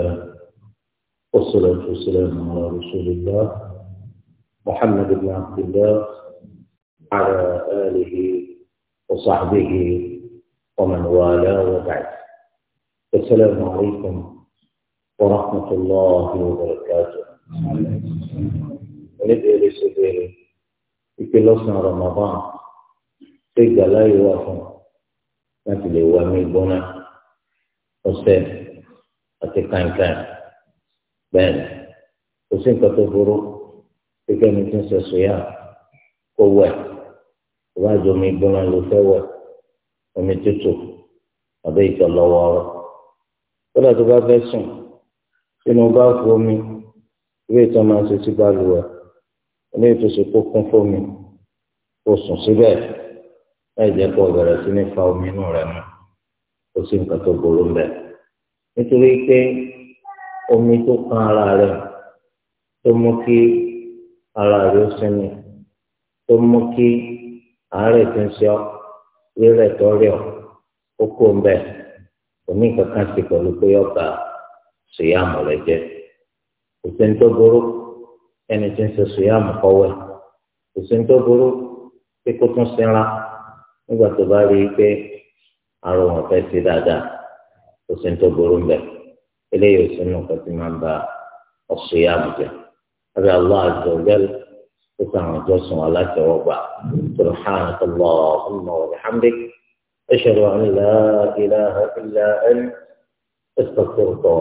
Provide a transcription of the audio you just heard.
الله والصلاة والسلام على رسول الله محمد بن عبد الله على آله وصحبه ومن والاه وبعد السلام عليكم ورحمة الله وبركاته ونبقى لسبيل يكلصنا رمضان تقدر لا يوافق ما تلوى من بنا ọ̀sẹ̀ àti kankan bẹ́ẹ̀ ni kò sí nǹkan tó burú gẹ́gẹ́ bí tí ń sọ sòyà kó wẹ̀ kó bá jọ omi gbóná ló fẹ́ wẹ̀ omi tútù àbí ìtọ̀ lọ́wọ́ọ́rọ́ kódà tó bá fẹ́ sùn sínú bá fún omi ìwé ìtọ́ máa ń ṣe sí balùwẹ̀ ilé ìtòsí kó kún fómi kó sùn síbẹ̀ láì jẹ́ kó bẹ̀rẹ̀ sí ní fa omi inú rẹ̀ mọ́ kó sí nǹkan tó burú bẹ́ẹ̀ nítorí pé omi tó kan ara rẹ̀ tó mú kí ara rẹ̀ ó sinmi tó mú kí àárẹ̀ tó ń ṣọ́ rírẹ̀ tó rẹ̀ ó kó ń bẹ̀ omi kankan sí pẹ̀lú pé ọba ṣèyàmù rẹ̀ jẹ́ òsín tó burú ẹni tí ń ṣe ṣèyàmù kọ́wẹ́ òsín tó burú pé kó tún sinra nígbà tó bá rí i pé àrùn ọ̀fẹ́ sí dáadáa. kò sí tó burú mbẹ eléyìí ò sí nù kó ti máa ń ba as-siyam jẹ abẹ Allah azza wa jal kó sàn àwọn ìjọsìn alátẹwọgbà subhanaka Allahumma wa bihamdik ashhadu an la ilaha illa anta astaghfiruka